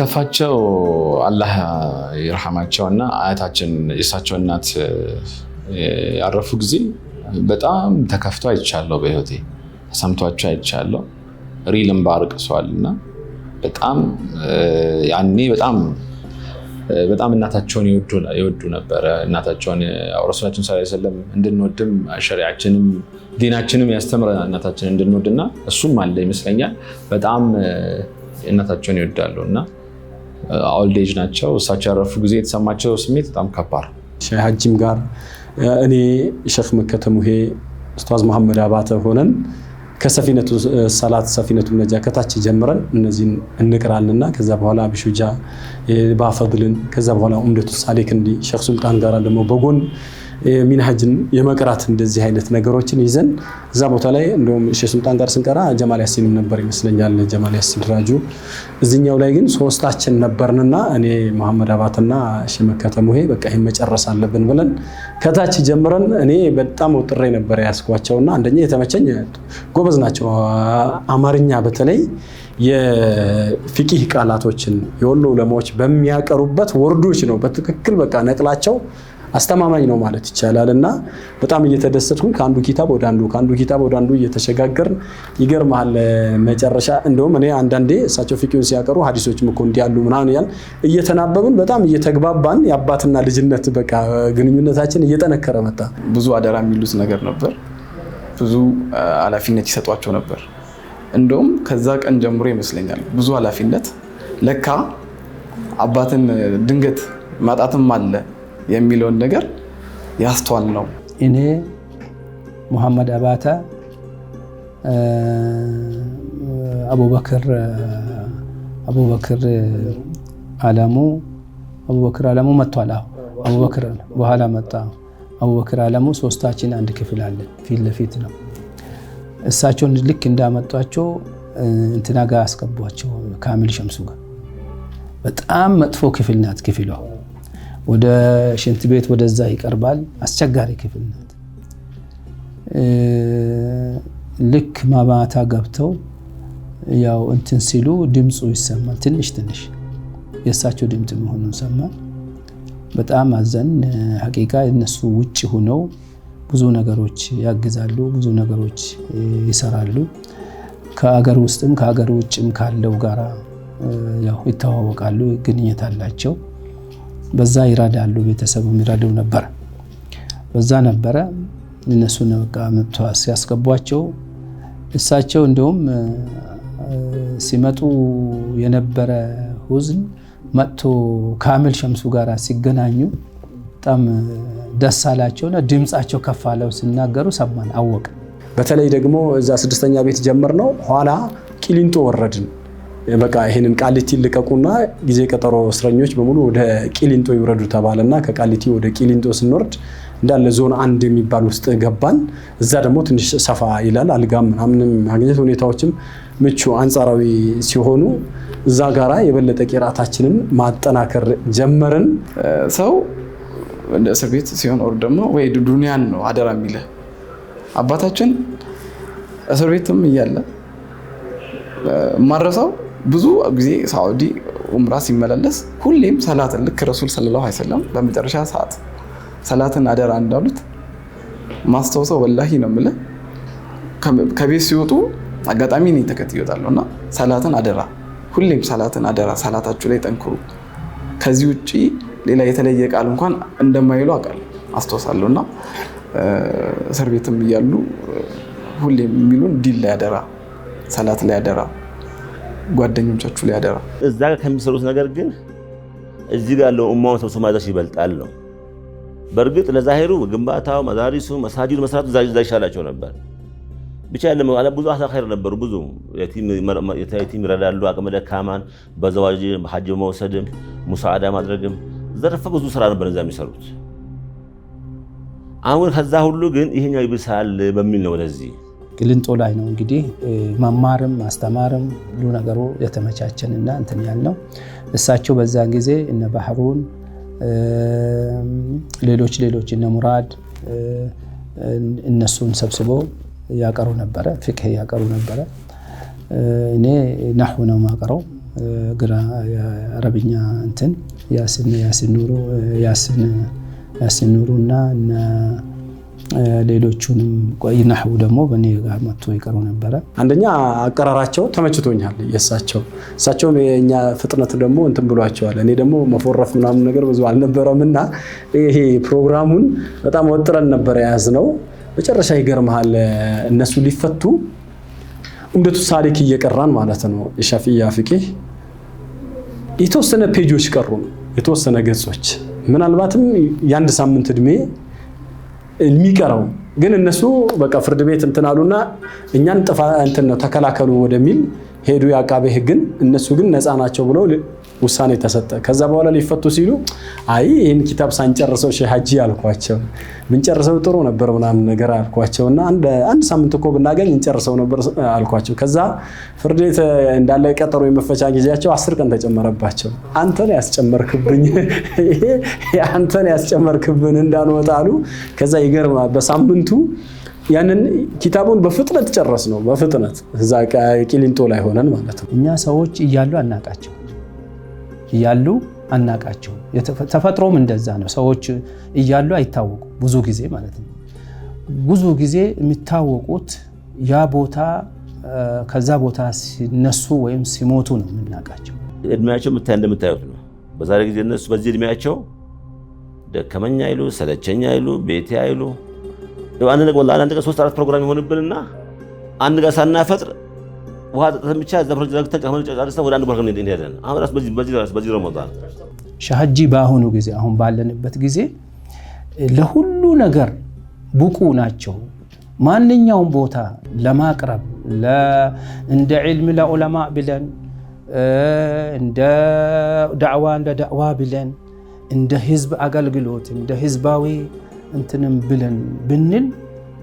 ከፋቸው አላህ ይርሐማቸው እና አያታችን የእሳቸው እናት ያረፉ ጊዜ በጣም ተከፍቶ አይቻለሁ። በህይወቴ ተሰምቷቸው አይቻለሁ። ሪልም ባርቅሷል እና በጣም ያኔ በጣም በጣም እናታቸውን ይወዱ ነበረ። እናታቸውን ረሱላችን ስ ሰለም እንድንወድም ሸሪያችንም ዲናችንም ያስተምረ እናታችን እንድንወድና እሱም አለ ይመስለኛል በጣም እናታቸውን ይወዳሉ እና ኦልዴጅ ናቸው። እሳቸው ያረፉ ጊዜ የተሰማቸው ስሜት በጣም ከባድ ነው። ሀጂም ጋር እኔ ሸክ መከተ ሄ ኡስታዝ መሐመድ አባተ ሆነን ከሰፊነቱ ሰላት ሰፊነቱ ነጃ ከታች ጀምረን እነዚህን እንቅራልና ከዛ በኋላ አብሹጃ ባፈድልን ከዛ በኋላ ኡምደቱ ሳሌክ እንዲ ሸክ ሱልጣን ጋር ደግሞ በጎን ሚንሃጅን የመቅራት እንደዚህ አይነት ነገሮችን ይዘን እዛ ቦታ ላይ እንደውም ሼህ ሱልጣን ጋር ስንቀራ ጀማል ያሲንም ነበር ይመስለኛል፣ ጀማል ያሲን ድራጁ። እዚኛው ላይ ግን ሶስታችን ነበርንና እኔ መሐመድ አባትና ሼህ መከተ ሙሄ በቃ ይሄን መጨረስ አለብን ብለን ከታች ጀምረን እኔ በጣም ውጥሬ ነበር ያስኳቸውና አንደኛ የተመቸኝ ጎበዝ ናቸው አማርኛ በተለይ የፊቂህ ቃላቶችን የወሎ ለማዎች በሚያቀሩበት ወርዶች ነው በትክክል በቃ ነቅላቸው አስተማማኝ ነው ማለት ይቻላል። እና በጣም እየተደሰትኩኝ ከአንዱ ኪታብ ወደ አንዱ ከአንዱ ኪታብ ወደ አንዱ እየተሸጋገርን ይገርመሃል፣ መጨረሻ እንደውም እኔ አንዳንዴ እሳቸው ፊቅሁን ሲያቀሩ ሀዲሶች እኮ እንዲህ ያሉ ምናምን እየተናበብን በጣም እየተግባባን የአባትና ልጅነት በቃ ግንኙነታችን እየጠነከረ መጣ። ብዙ አደራ የሚሉት ነገር ነበር። ብዙ ኃላፊነት ይሰጧቸው ነበር። እንደውም ከዛ ቀን ጀምሮ ይመስለኛል ብዙ ኃላፊነት ለካ አባትን ድንገት ማጣትም አለ የሚለውን ነገር ያስተዋል ነው። እኔ ሙሐመድ አባታ አቡበክር አቡበክር አለሙ አቡበክር አለሙ መጥቷል። አቡበክር በኋላ መጣ። አቡበክር አለሙ ሶስታችን አንድ ክፍል አለ፣ ፊት ለፊት ነው። እሳቸውን ልክ እንዳመጧቸው እንትና ጋር አስገቧቸው፣ ካሚል ሸምሱ ጋር። በጣም መጥፎ ክፍል ናት ክፍሏ ወደ ሽንት ቤት ወደዛ ይቀርባል። አስቸጋሪ ክፍል ናት። ልክ ማባታ ገብተው ያው እንትን ሲሉ ድምፁ ይሰማል። ትንሽ ትንሽ የእሳቸው ድምፅ መሆኑን ሰማል። በጣም አዘን። ሀቂቃ እነሱ ውጭ ሆነው ብዙ ነገሮች ያግዛሉ፣ ብዙ ነገሮች ይሰራሉ። ከአገር ውስጥም ከአገር ውጭም ካለው ጋራ ያው ይተዋወቃሉ፣ ግንኙነት አላቸው። በዛ ይረዳሉ፣ ቤተሰቡ ይረዳው ነበር። በዛ ነበረ እነሱን በቃ መጥቶ ሲያስገቧቸው እሳቸው እንዲሁም ሲመጡ የነበረ ሁዝን መጥቶ ካሚል ሸምሱ ጋር ሲገናኙ በጣም ደስ አላቸውና ድምፃቸው ከፍ አለው ሲናገሩ ሰማን አወቅ። በተለይ ደግሞ እዛ ስድስተኛ ቤት ጀመር ነው ኋላ ቂሊንጦ ወረድን። በቃ ይህንን ቃሊቲ ልቀቁና ጊዜ ቀጠሮ እስረኞች በሙሉ ወደ ቂሊንጦ ይውረዱ ተባለና ከቃሊቲ ወደ ቂሊንጦ ስንወርድ እንዳለ ዞን አንድ የሚባል ውስጥ ገባን። እዛ ደግሞ ትንሽ ሰፋ ይላል። አልጋም ምናምንም ማግኘት ሁኔታዎችም ምቹ አንጻራዊ ሲሆኑ እዛ ጋራ የበለጠ ቂራታችንን ማጠናከር ጀመርን። ሰው እንደ እስር ቤት ሲሆን ወር ደግሞ ወይ ዱኒያን ነው አደራ የሚለ አባታችን እስር ቤትም እያለ ማረሰው ብዙ ጊዜ ሳዑዲ ኡምራ ሲመላለስ ሁሌም ሰላትን ልክ ረሱል ሰለላሁ ዐለይሂ ወሰለም በመጨረሻ ሰዓት ሰላትን አደራ እንዳሉት ማስታወሰው ወላሂ ነው የምልህ። ከቤት ሲወጡ አጋጣሚ እኔ ተከትዬ እና ሰላትን አደራ፣ ሁሌም ሰላትን አደራ፣ ሰላታችሁ ላይ ጠንክሩ። ከዚህ ውጭ ሌላ የተለየ ቃል እንኳን እንደማይሉ አውቃለሁ፣ አስታውሳለሁ። እና እስር ቤትም እያሉ ሁሌም የሚሉን ዲል ላይ አደራ፣ ሰላት ላይ አደራ ጓደኞቻችሁ ላይ አደራ። እዛ ጋር ከሚሰሩት ነገር ግን እዚህ ጋር ያለው እማውን ሰብሶ ማድረስ ይበልጣል ነው። በእርግጥ ለዛሄሩ ግንባታው፣ መዛሪሱ፣ መሳጅዱ መስራቱ እዛ ይሻላቸው ነበር። ብቻ ያለ ብዙ አሳ አሳኸይር ነበሩ። ብዙ የቲም ይረዳሉ፣ አቅመ ደካማን በዘዋጅ ሀጅ በመውሰድም ሙሳዕዳ ማድረግም ዘርፈ ብዙ ስራ ነበር እዛ የሚሰሩት። አሁን ከዛ ሁሉ ግን ይሄኛው ይብሳል በሚል ነው ወደዚህ ቅልንጦ ላይ ነው እንግዲህ መማርም ማስተማርም ሁሉ ነገሩ የተመቻቸን እና እንትን ያልነው እሳቸው በዛን ጊዜ እነ ባህሩን ሌሎች ሌሎች እነ ሙራድ እነሱን ሰብስቦ ያቀሩ ነበረ። ፍቅህ ያቀሩ ነበረ። እኔ ናሁ ነው ማቀረው ግራ አረብኛ እንትን ያስን ኑሩ ያስን ሌሎቹንም ቆይናሁ ደግሞ በእኔ ጋር መጥቶ ይቀሩ ነበረ። አንደኛ አቀራራቸው ተመችቶኛል። የእሳቸው እሳቸውም የእኛ ፍጥነት ደግሞ እንትን ብሏቸዋል። እኔ ደግሞ መፎረፍ ምናምን ነገር ብዙ አልነበረም እና ይሄ ፕሮግራሙን በጣም ወጥረን ነበረ የያዝነው። መጨረሻ ይገርመሃል እነሱ ሊፈቱ እንደቱ ሳሊክ እየቀራን ማለት ነው የሻፊያ ፊቅህ የተወሰነ ፔጆች ቀሩ፣ የተወሰነ ገጾች ምናልባትም የአንድ ሳምንት እድሜ የሚቀረው ግን እነሱ በቃ ፍርድ ቤት እንትን አሉና እኛን ጥፋ እንትን ነው ተከላከሉ ወደሚል ሄዱ የአቃቤ ህግን እነሱ ግን ነፃ ናቸው ብለው ውሳኔ ተሰጠ። ከዛ በኋላ ሊፈቱ ሲሉ አይ ይህን ኪታብ ሳንጨርሰው ሼህ ሀጂ አልኳቸው፣ ብንጨርሰው ጥሩ ነበር ምናምን ነገር አልኳቸው እና አንድ ሳምንት እኮ ብናገኝ እንጨርሰው ነበር አልኳቸው። ከዛ ፍርድ ቤት እንዳለ ቀጠሮ የመፈቻ ጊዜያቸው አስር ቀን ተጨመረባቸው። አንተን ያስጨመርክብኝ አንተን ያስጨመርክብን እንዳንወጣ አሉ። ከዛ ይገርማል በሳምንቱ ያንን ኪታቡን በፍጥነት ጨረስ ነው። በፍጥነት እዛ ቂሊንጦ ላይ ሆነን ማለት ነው። እኛ ሰዎች እያሉ አናቃቸው እያሉ አናቃቸው። ተፈጥሮም እንደዛ ነው። ሰዎች እያሉ አይታወቁ ብዙ ጊዜ ማለት ነው። ብዙ ጊዜ የሚታወቁት ያ ቦታ ከዛ ቦታ ሲነሱ ወይም ሲሞቱ ነው የምናውቃቸው። እድሜያቸው ምታይ እንደምታዩት ነው። በዛሬ ጊዜ እነሱ በዚህ እድሜያቸው ደከመኝ አይሉ፣ ሰለቸኝ አይሉ፣ ቤቴ አይሉ አንድ ነገር ሶስት አራት ፕሮግራም ይሆንብንና አንድ ጋር ሳናፈጥር ውሃ ጠጥተን ብቻ እዛ ፕሮጀክት ዘግተን ጨርሰን ወደ አንድ ቦርግ እንሄዳለን። አሁን ራሱ በዚህ ረመዷን ሻሃጂ በአሁኑ ጊዜ አሁን ባለንበት ጊዜ ለሁሉ ነገር ብቁ ናቸው። ማንኛውም ቦታ ለማቅረብ እንደ ዒልም ለዑለማ ብለን እንደ ዳዕዋ እንደ ዳዕዋ ብለን እንደ ህዝብ አገልግሎት እንደ ህዝባዊ እንትንም ብለን ብንል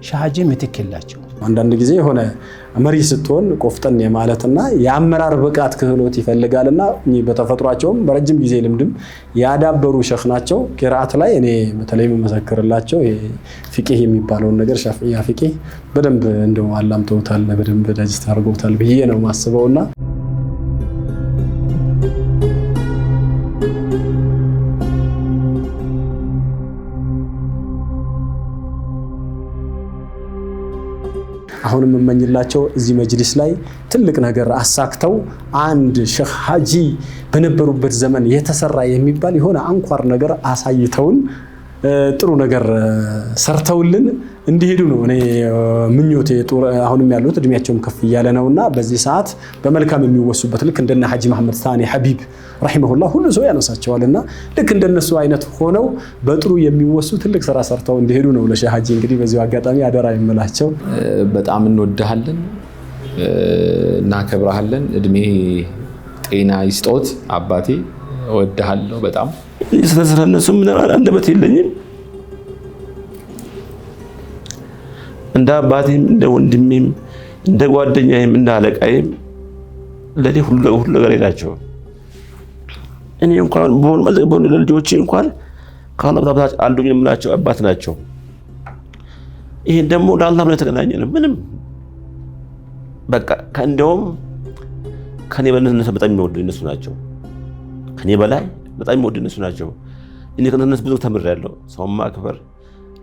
ሻሃጂ ምትክላቸው አንዳንድ ጊዜ የሆነ መሪ ስትሆን ቆፍጠን የማለትና የአመራር ብቃት ክህሎት ይፈልጋልና በተፈጥሯቸውም በረጅም ጊዜ ልምድም ያዳበሩ ሸህ ናቸው። ላይ እኔ በተለይ መመሰክርላቸው ፊቂህ የሚባለውን ነገር ሻፍያ ፊቂህ በደንብ እንደው አላምጠውታል፣ በደንብ ዳጅስት አድርገውታል ብዬ ነው ማስበውና አሁን የምመኝላቸው እዚህ መጅሊስ ላይ ትልቅ ነገር አሳክተው አንድ ሸህ ሀጂ በነበሩበት ዘመን የተሰራ የሚባል የሆነ አንኳር ነገር አሳይተውን ጥሩ ነገር ሰርተውልን እንዲሄዱ ነው እኔ ምኞቴ። አሁንም ያሉት እድሜያቸውም ከፍ እያለ ነው እና በዚህ ሰዓት በመልካም የሚወሱበት ልክ እንደነ ሐጂ መሐመድ ሳኔ ሐቢብ ረሂመሁላ ሁሉ ሰው ያነሳቸዋል እና ልክ እንደነሱ አይነት ሆነው በጥሩ የሚወሱ ትልቅ ስራ ሰርተው እንዲሄዱ ነው ለሼህ ሐጂ እንግዲህ በዚሁ አጋጣሚ አደራ የምላቸው። በጣም እንወድሃለን፣ እናከብረሃለን። እድሜ ጤና ይስጦት አባቴ፣ እወድሃለሁ በጣም ስለስለነሱ ምን አንደበት የለኝም እንደ አባቴም እንደ ወንድሜም እንደ ጓደኛዬም እንደ አለቃዬም ለእኔ ሁሉ ነገር ናቸው። እኔ እንኳን በሆኑ መዘግ በሆኑ ለልጆቼ እንኳን ከአላህ በታች አሉኝ የምላቸው አባት ናቸው። ይሄን ደግሞ ለአላህ ብለን የተገናኘን ምንም በቃ ከእንዲያውም ከኔ በላይ በጣም የሚወዱ እነሱ ናቸው። ከኔ በላይ በጣም የሚወዱ እነሱ ናቸው። እኔ ከእነሱ ብዙ ተምሬያለሁ። ሰውን ማክበር፣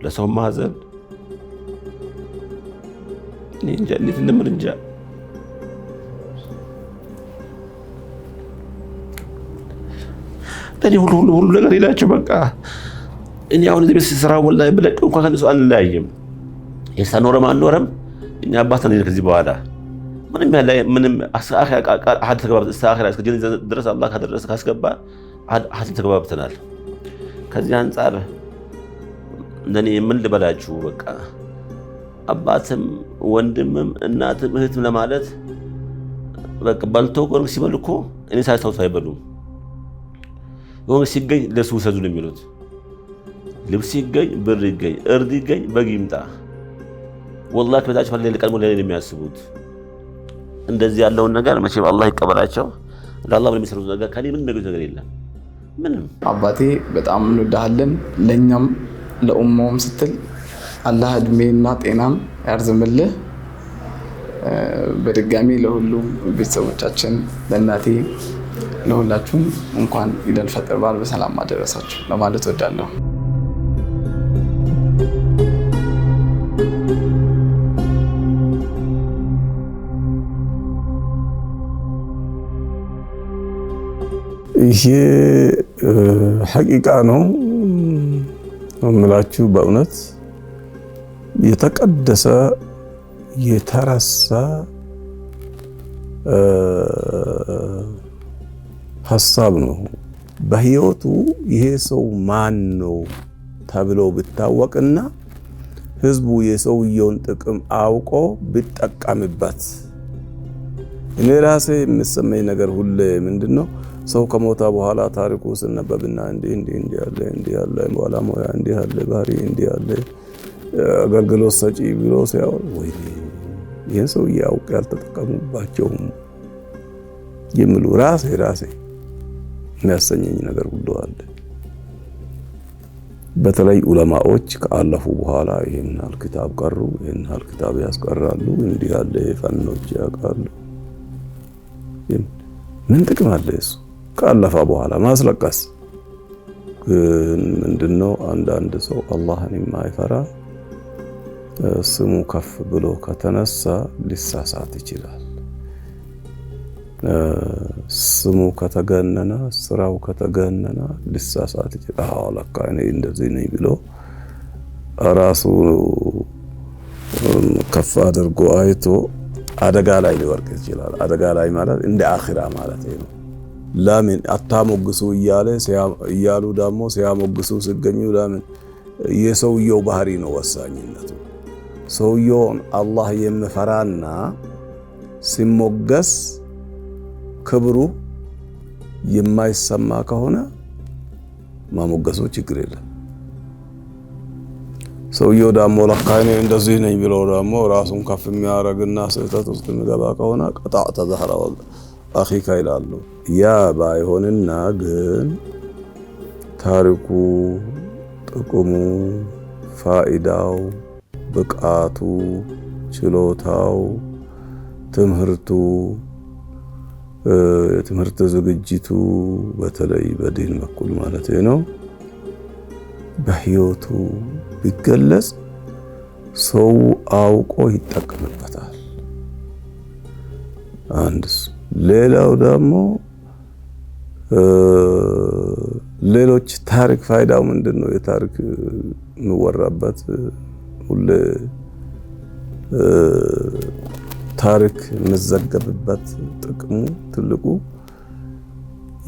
ለሰው ማዘን እኔ እንጃ እንዴት እንደምር እንጃ። እኔ ሁሉ ሁሉ ሁሉ ነገር ይላችሁ በቃ እኔ አሁን እዚህ ቤት ስራ ወላሂ ብለቅ እንኳን ከነሱ አንለያይም። የሳ ኖረም አልኖረም እኛ አባት ነን። ከዚህ በኋላ ምንም ያለ ምንም አሀድ ተግባብተን ድረስ አላህ ካደረሰ ካስገባ አሀድ ተግባብተናል። ከዚህ አንጻር ለእኔ ምን ልበላችሁ በቃ አባትም ወንድምም እናትም እህትም ለማለት በልቶ ጎርግ ሲበሉ እኮ እኔ ሳያስታውሱ አይበሉም። ጎርግ ሲገኝ ለሱ ውሰዱ ነው የሚሉት። ልብስ ይገኝ፣ ብር ይገኝ፣ እርድ ይገኝ፣ በግ ይምጣ፣ ወላ ከቤታቸው ፈለ ቀድሞ ለኔ የሚያስቡት እንደዚህ ያለውን ነገር መቼም አላህ ይቀበላቸው። ለአላህ ብለው የሚሰሩት ነገር ከኔ ምን የሚያገኙት ነገር የለም። ምንም አባቴ በጣም እንወዳሃለን ለእኛም ለኡማውም ስትል አላህ እድሜና ጤናም ያርዝምልህ። በድጋሚ ለሁሉም ቤተሰቦቻችን፣ ለእናቴ፣ ለሁላችሁም እንኳን ኢድ ፈጥር በዓል በሰላም አደረሳችሁ ለማለት ወዳለሁ። ይሄ ሐቂቃ ነው እምላችሁ በእውነት የተቀደሰ የተረሳ ሀሳብ ነው። በህይወቱ ይሄ ሰው ማን ነው ተብሎ ብታወቅና ህዝቡ የሰውየውን ጥቅም አውቆ ብጠቀምበት። እኔ ራሴ የምሰማኝ ነገር ሁሌ ምንድን ነው ሰው ከሞታ በኋላ ታሪኩ ስነበብና እንዲህ እንዲህ እንዲህ ያለ እንዲህ ያለ በኋላ እንዲህ ያለ ባህሪ እንዲህ ያለ አገልግሎት ሰጪ ብሎ ሲያወር ወይ ይህን ሰውዬ አውቅ ያልተጠቀሙባቸውም የሚሉ ራሴ ራሴ የሚያሰኘኝ ነገር ሁሉ አለ። በተለይ ዑለማዎች ከአለፉ በኋላ ይህን ያህል ክታብ ቀሩ፣ ይህን ያህል ክታብ ያስቀራሉ፣ እንዲህ ያለ ፈኖች ያውቃሉ። ምን ጥቅም አለ እሱ ከአለፈ በኋላ ማስለቀስ? ምንድነው አንዳንድ ሰው አላህን የማይፈራ ስሙ ከፍ ብሎ ከተነሳ ሊሳሳት ይችላል። ስሙ ከተገነነ፣ ስራው ከተገነነ ሊሳሳት ይችላል። አዎ ለካ እኔ እንደዚህ ነኝ ብሎ ራሱ ከፍ አድርጎ አይቶ አደጋ ላይ ሊወርቅ ይችላል። አደጋ ላይ ማለት እንደ አኺራ ማለት ነው። ለምን አታሞግሱ እያለ እያሉ ደግሞ ሲያሞግሱ ሲገኙ ለምን የሰውየው ባህሪ ነው ወሳኝነቱ። ሰውየውን አላህ የሚፈራና ሲሞገስ ክብሩ የማይሰማ ከሆነ ማሞገሱ ችግር የለም። ሰውየው ዳሞ ለካ እኔ እንደዚህ ነኝ ብሎ ዳሞ ራሱን ከፍ የሚያረግና ስህተት ውስጥ የሚገባ ከሆነ ቀጣዕ ተዛህራ አኺካ ይላሉ። ያ ባይሆንና ግን ታሪኩ ጥቅሙ ፋኢዳው ብቃቱ፣ ችሎታው፣ ትምህርቱ፣ የትምህርት ዝግጅቱ በተለይ በዲን በኩል ማለት ነው በህይወቱ ቢገለጽ ሰው አውቆ ይጠቀምበታል። አንድ ሌላው ደግሞ ሌሎች ታሪክ ፋይዳው ምንድን ነው? የታሪክ የሚወራበት ሁሌ ታሪክ የምዘገብበት ጥቅሙ ትልቁ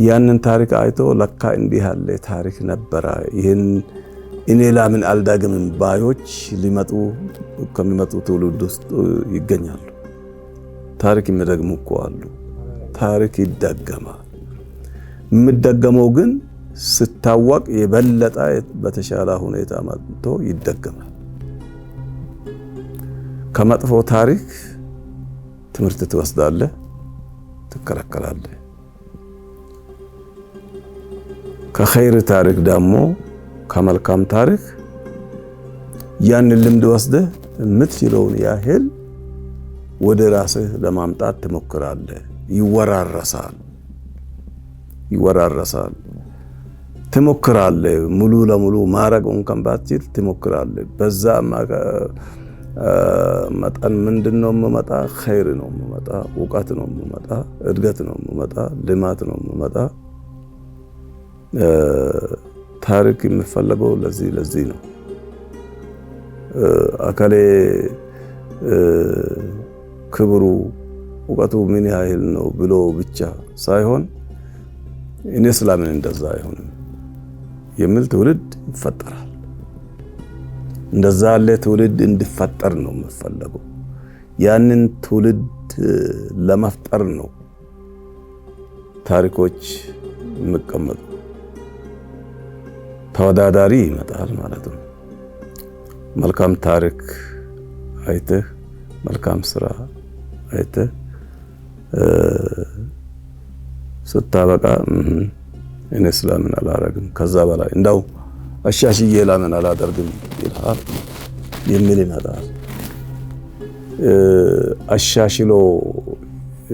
ያንን ታሪክ አይቶ ለካ እንዲህ ያለ ታሪክ ነበረ፣ ይህን እኔ ለምን አልዳግምም ባዮች ሊመጡ ከሚመጡ ትውልድ ውስጥ ይገኛሉ። ታሪክ የሚደግሙ እኮ አሉ። ታሪክ ይደገማል። የሚደገመው ግን ስታወቅ የበለጠ በተሻለ ሁኔታ መጥቶ ይደገማል። ከመጥፎ ታሪክ ትምህርት ትወስዳለህ፣ ትከለከላለህ። ከኸይር ታሪክ ደግሞ ከመልካም ታሪክ ያንን ልምድ ወስደህ የምትችለውን ያህል ወደ ራስህ ለማምጣት ትሞክራለህ። ይወራረሳል ይወራረሳል። ትሞክራለህ ሙሉ ለሙሉ ማረግ እንኳን ባትችል ትሞክራለህ በዛ መጠን ምንድን ነው የምመጣ? ኸይር ነው የምመጣ፣ እውቀት ነው የምመጣ፣ እድገት ነው የምመጣ፣ ልማት ነው የምመጣ። ታሪክ የሚፈለገው ለዚህ ለዚህ ነው። አካሌ ክብሩ እውቀቱ ምን ያህል ነው ብሎ ብቻ ሳይሆን እኔ ስላምን እንደዛ አይሆንም የሚል ትውልድ ይፈጠራል። እንደዛ ያለ ትውልድ እንዲፈጠር ነው የምፈለገው። ያንን ትውልድ ለመፍጠር ነው ታሪኮች የሚቀመጡ። ተወዳዳሪ ይመጣል ማለት ነው። መልካም ታሪክ አይተህ መልካም ስራ አይተህ ስታበቃ እኔ ስለምን አላረግም ከዛ በላይ እንደው አሻሽዬ ለምን አላደርግም ይልሃል፣ የሚል ይመጣል። አሻሽሎ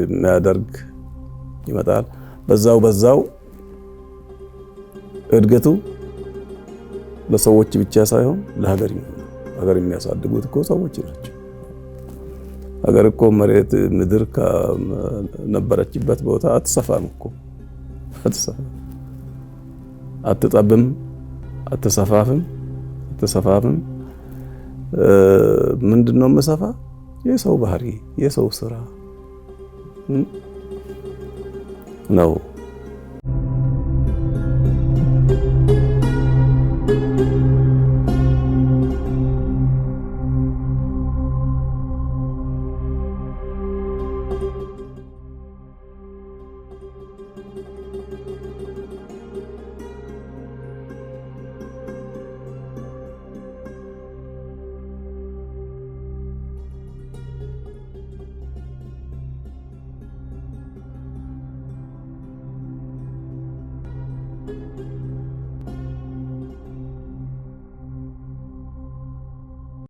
የሚያደርግ ይመጣል። በዛው በዛው እድገቱ ለሰዎች ብቻ ሳይሆን ለሀገር ሀገር የሚያሳድጉት እኮ ሰዎች ናቸው። ሀገር እኮ መሬት ምድር ከነበረችበት ቦታ አትሰፋም እኮ አትሰፋም፣ አትጠብም አትሰፋፍም አትሰፋፍም። ምንድን ነው የሰው ባህሪ የሰው ስራ ነው።